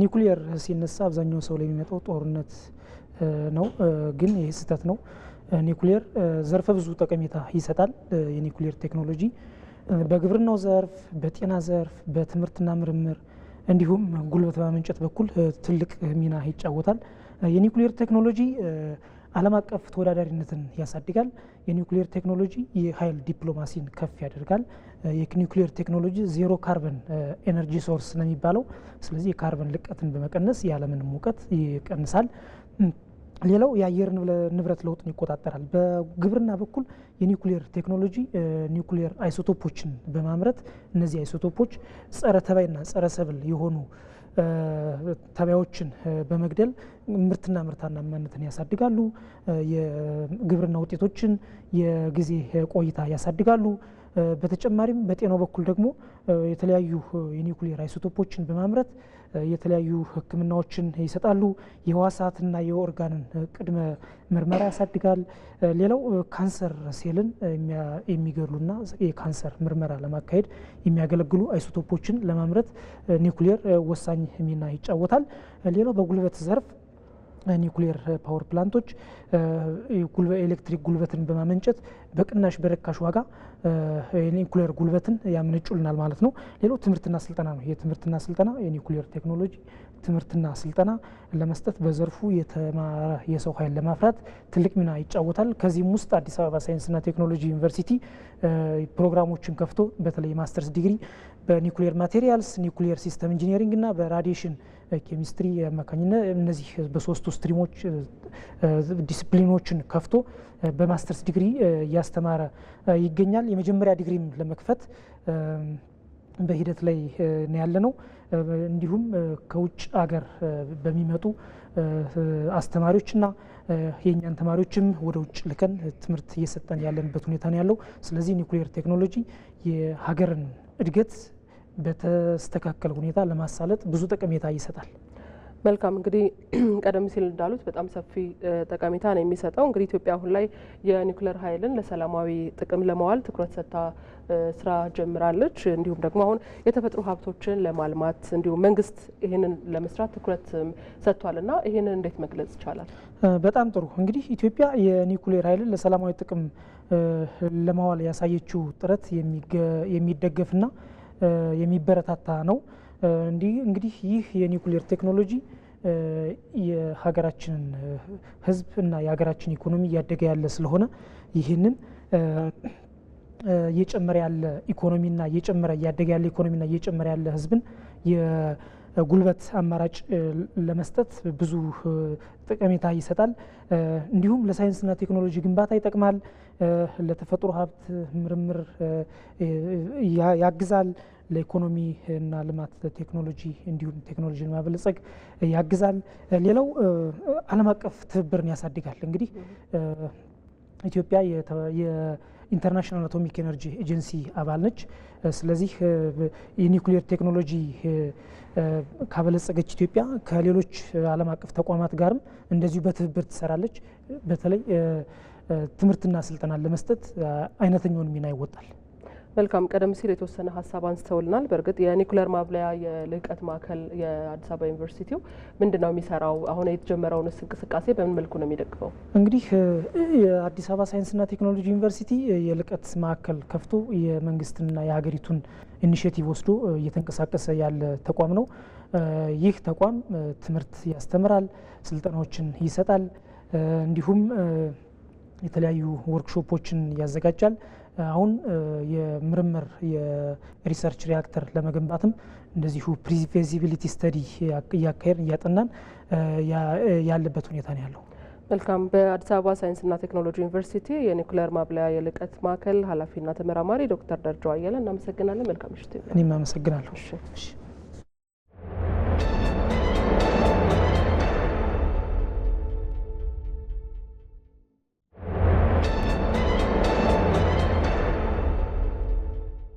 ኒውክሊየር ሲነሳ አብዛኛው ሰው ላይ የሚመጣው ጦርነት ነው፣ ግን ይህ ስህተት ነው። ኒውክሊየር ዘርፈ ብዙ ጠቀሜታ ይሰጣል። የኒውክሊየር ቴክኖሎጂ በግብርናው ዘርፍ፣ በጤና ዘርፍ፣ በትምህርትና ምርምር እንዲሁም ጉልበት በማመንጨት በኩል ትልቅ ሚና ይጫወታል። የኒውክሊየር ቴክኖሎጂ ዓለም አቀፍ ተወዳዳሪነትን ያሳድጋል። የኒውክሊየር ቴክኖሎጂ የኃይል ዲፕሎማሲን ከፍ ያደርጋል። የኒውክሊየር ቴክኖሎጂ ዜሮ ካርበን ኤነርጂ eh, ሶርስ ነው የሚባለው። ስለዚህ የካርበን ልቀትን በመቀነስ የዓለምን ሙቀት ይቀንሳል። ሌላው የአየር ንብረት ለውጥን ይቆጣጠራል። በግብርና በኩል የኒውክሊየር ቴክኖሎጂ eh, ኒውክሊየር አይሶቶፖችን በማምረት እነዚህ አይሶቶፖች ጸረ ተባይና ጸረ ሰብል የሆኑ ተባዮችን በመግደል ምርትና ምርታማነትን ያሳድጋሉ። የግብርና ውጤቶችን የጊዜ ቆይታ ያሳድጋሉ። በተጨማሪም በጤናው በኩል ደግሞ የተለያዩ የኒውክሌር አይሶቶፖችን በማምረት የተለያዩ ህክምናዎችን ይሰጣሉ። የህዋሳትና የኦርጋንን ቅድመ ምርመራ ያሳድጋል። ሌላው ካንሰር ሴልን የሚገድሉና የካንሰር ምርመራ ለማካሄድ የሚያገለግሉ አይሶቶፖችን ለማምረት ኒውክሌር ወሳኝ ሚና ይጫወታል። ሌላው በጉልበት ዘርፍ ኒውክሌር ፓወር ፕላንቶች ኤሌክትሪክ ጉልበትን በማመንጨት በቅናሽ በረካሽ ዋጋ የኒውክሌር ጉልበትን ያምንጩልናል ማለት ነው። ሌላው ትምህርትና ስልጠና ነው። የትምህርትና ስልጠና የኒውክሌር ቴክኖሎጂ ትምህርትና ስልጠና ለመስጠት በዘርፉ የተማረ የሰው ኃይል ለማፍራት ትልቅ ሚና ይጫወታል። ከዚህም ውስጥ አዲስ አበባ ሳይንስና ቴክኖሎጂ ዩኒቨርሲቲ ፕሮግራሞችን ከፍቶ በተለይ ማስተርስ ዲግሪ በኒውክሌር ማቴሪያልስ፣ ኒውክሌር ሲስተም ኢንጂኒሪንግ እና በራዲሽን ኬሚስትሪ አማካኝነት እነዚህ በሶስቱ ስትሪሞች ዲስፕሊኖችን ከፍቶ በማስተርስ ዲግሪ እያስተማረ ይገኛል። የመጀመሪያ ዲግሪም ለመክፈት በሂደት ላይ ነው ያለ ነው። እንዲሁም ከውጭ አገር በሚመጡ አስተማሪዎችና የእኛን ተማሪዎችም ወደ ውጭ ልከን ትምህርት እየሰጠን ያለንበት ሁኔታ ነው ያለው። ስለዚህ ኒውክሊየር ቴክኖሎጂ የሀገርን እድገት በተስተካከለ ሁኔታ ለማሳለጥ ብዙ ጠቀሜታ ይሰጣል። መልካም እንግዲህ ቀደም ሲል እንዳሉት በጣም ሰፊ ጠቀሜታ ነው የሚሰጠው። እንግዲህ ኢትዮጵያ አሁን ላይ የኒውክሌር ኃይልን ለሰላማዊ ጥቅም ለማዋል ትኩረት ሰጥታ ስራ ጀምራለች። እንዲሁም ደግሞ አሁን የተፈጥሮ ሀብቶችን ለማልማት እንዲሁም መንግስት ይህንን ለመስራት ትኩረት ሰጥቷል እና ይህንን እንዴት መግለጽ ይቻላል? በጣም ጥሩ እንግዲህ ኢትዮጵያ የኒውክሌር ኃይልን ለሰላማዊ ጥቅም ለማዋል ያሳየችው ጥረት የሚደገፍና የሚበረታታ ነው። እንግዲህ ይህ የኒውክሌር ቴክኖሎጂ የሀገራችንን ህዝብ እና የሀገራችን ኢኮኖሚ እያደገ ያለ ስለሆነ ይህንን እየጨመረ ያለ ኢኮኖሚና እየጨመረ እያደገ ያለ ኢኮኖሚና እየጨመረ ያለ ህዝብን ጉልበት አማራጭ ለመስጠት ብዙ ጠቀሜታ ይሰጣል። እንዲሁም ለሳይንስና ቴክኖሎጂ ግንባታ ይጠቅማል። ለተፈጥሮ ሀብት ምርምር ያግዛል። ለኢኮኖሚ እና ልማት ቴክኖሎጂ እንዲሁም ቴክኖሎጂ ለማበለጸግ ያግዛል። ሌላው ዓለም አቀፍ ትብብርን ያሳድጋል። እንግዲህ ኢትዮጵያ ኢንተርናሽናል አቶሚክ ኤነርጂ ኤጀንሲ አባል ነች። ስለዚህ የኒውክሊየር ቴክኖሎጂ ካበለጸገች ኢትዮጵያ ከሌሎች ዓለም አቀፍ ተቋማት ጋርም እንደዚሁ በትብብር ትሰራለች። በተለይ ትምህርትና ስልጠናን ለመስጠት አይነተኛውን ሚና ይወጣል። መልካም ቀደም ሲል የተወሰነ ሀሳብ አንስተውልናል። በእርግጥ የኒኩለር ማብለያ የልህቀት ማዕከል የአዲስ አበባ ዩኒቨርሲቲው ምንድን ነው የሚሰራው? አሁን ስ እንቅስቃሴ በምን መልኩ ነው የሚደግፈው? እንግዲህ የአዲስ አበባ ሳይንስና ቴክኖሎጂ ዩኒቨርሲቲ የልህቀት ማዕከል ከፍቶ የመንግስትንና የሀገሪቱን ኢኒሽቲቭ ወስዶ እየተንቀሳቀሰ ያለ ተቋም ነው። ይህ ተቋም ትምህርት ያስተምራል፣ ስልጠናዎችን ይሰጣል፣ እንዲሁም የተለያዩ ወርክሾፖችን ያዘጋጃል። አሁን የምርምር የሪሰርች ሪያክተር ለመገንባትም እንደዚሁ ፕሪቪዚቢሊቲ ስተዲ እያካሄድን እያጠናን ያለበት ሁኔታ ነው ያለው። መልካም። በአዲስ አበባ ሳይንስና ቴክኖሎጂ ዩኒቨርሲቲ የኒኩሌር ማብለያ የልቀት ማዕከል ኃላፊና ተመራማሪ ዶክተር ደረጃው አየለ እናመሰግናለን። መልካም ምሽት። እኔም አመሰግናለሁ።